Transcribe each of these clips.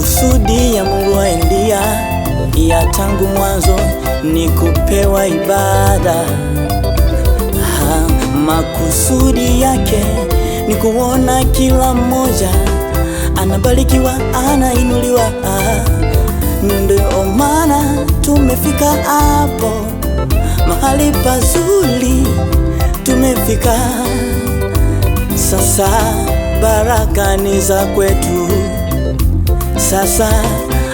Makusudi ya Mungu waendia ya tangu mwanzo ni kupewa ibada ha, makusudi yake ni kuona kila mmoja anabarikiwa, anainuliwa ndio maana tumefika hapo mahali pazuri tumefika sasa, baraka ni za kwetu. Sasa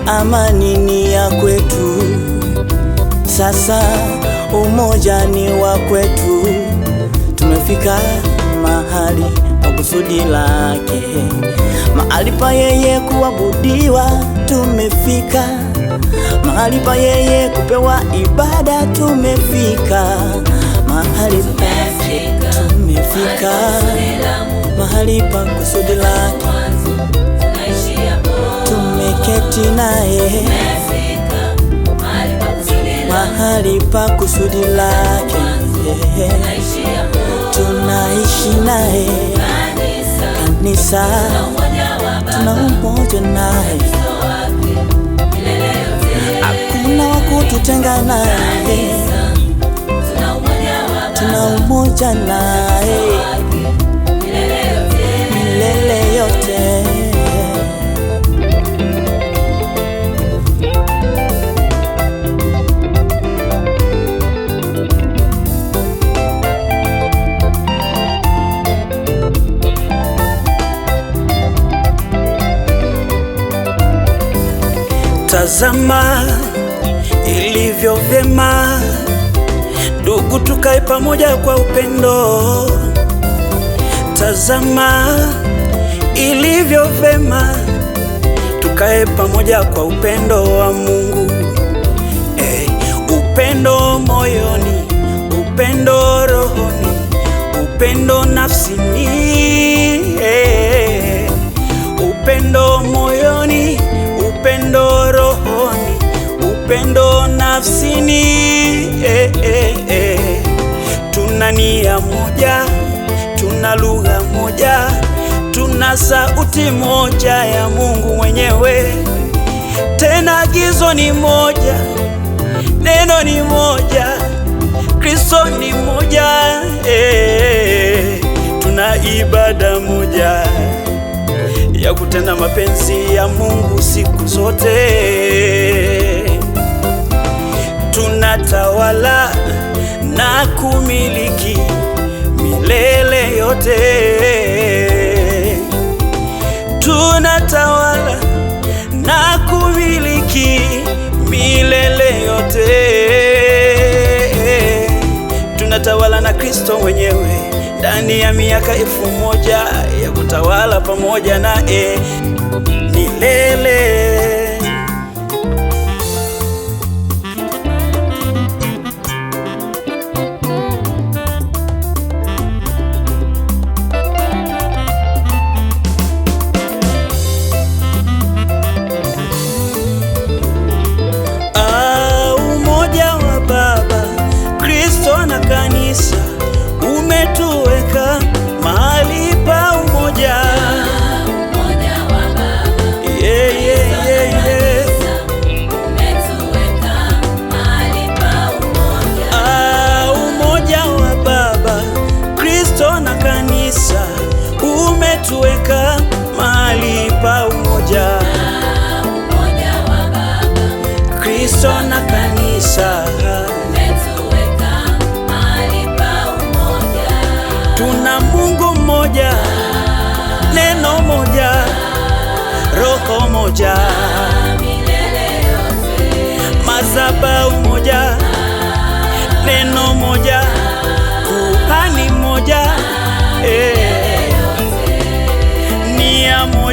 amani ni ya kwetu, sasa umoja ni wa kwetu. Tumefika mahali pa kusudi lake, mahali pa yeye kuabudiwa. Tumefika mahali pa yeye kupewa ibada. Tumefika mahali tumefika mahali pa kusudi lake kuketi naye mahali pa kusudi lake, tunaishi naye kanisa, tuna umoja naye, hakuna wakututenga naye, tuna umoja naye tazama ilivyo vyema, ndugu, tukae pamoja kwa upendo. Tazama ilivyo vyema, tukae pamoja kwa upendo wa Mungu. Hey, eh, upendo moyoni, upendo rohoni, upendo na moja, tuna lugha moja, tuna sauti moja ya Mungu mwenyewe. Tena agizo ni moja, neno ni moja, Kristo ni moja, eh, tuna ibada moja ya kutenda mapenzi ya Mungu siku zote. Tunatawala na kumiliki milele yote. Tunatawala na kumiliki milele yote. Tunatawala na Kristo mwenyewe ndani ya miaka elfu moja ya kutawala pamoja naye milele.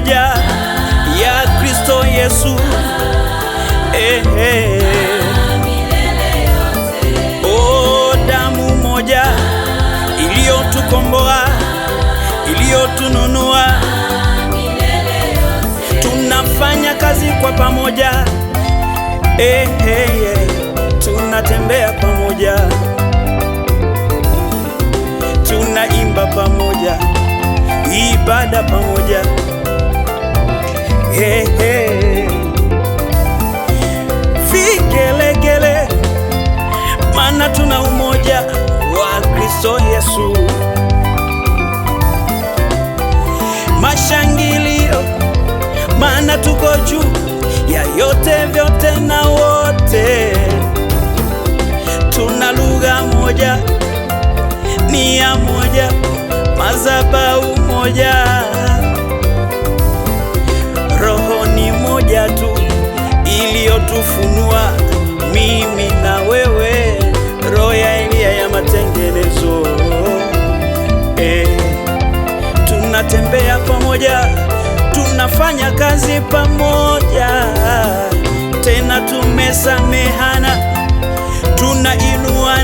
moja ya Kristo Yesu eh, eh. O damu moja iliyotukomboa iliyotununua, tunafanya kazi kwa pamoja eh, eh, eh. Tunatembea pamoja, tunaimba pamoja, ibada pamoja hey, hey. Vigelegele, maana tuna umoja wa Kristo Yesu, mashangilio, maana tuko juu ya yote vyote na wote, tuna lugha moja, nia moja, madhabahu moja kufunua mimi na wewe, roho ya ya matengenezo eh, tunatembea pamoja, tunafanya kazi pamoja, tena tumesamehana, tunainua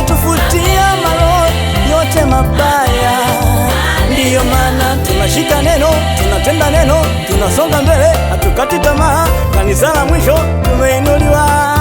umetufutia malo yote mabaya. Ndiyo maana tunashika neno, tunatenda neno, tunasonga mbele, hatukati tamaa. Kanisa la mwisho tumeinuliwa.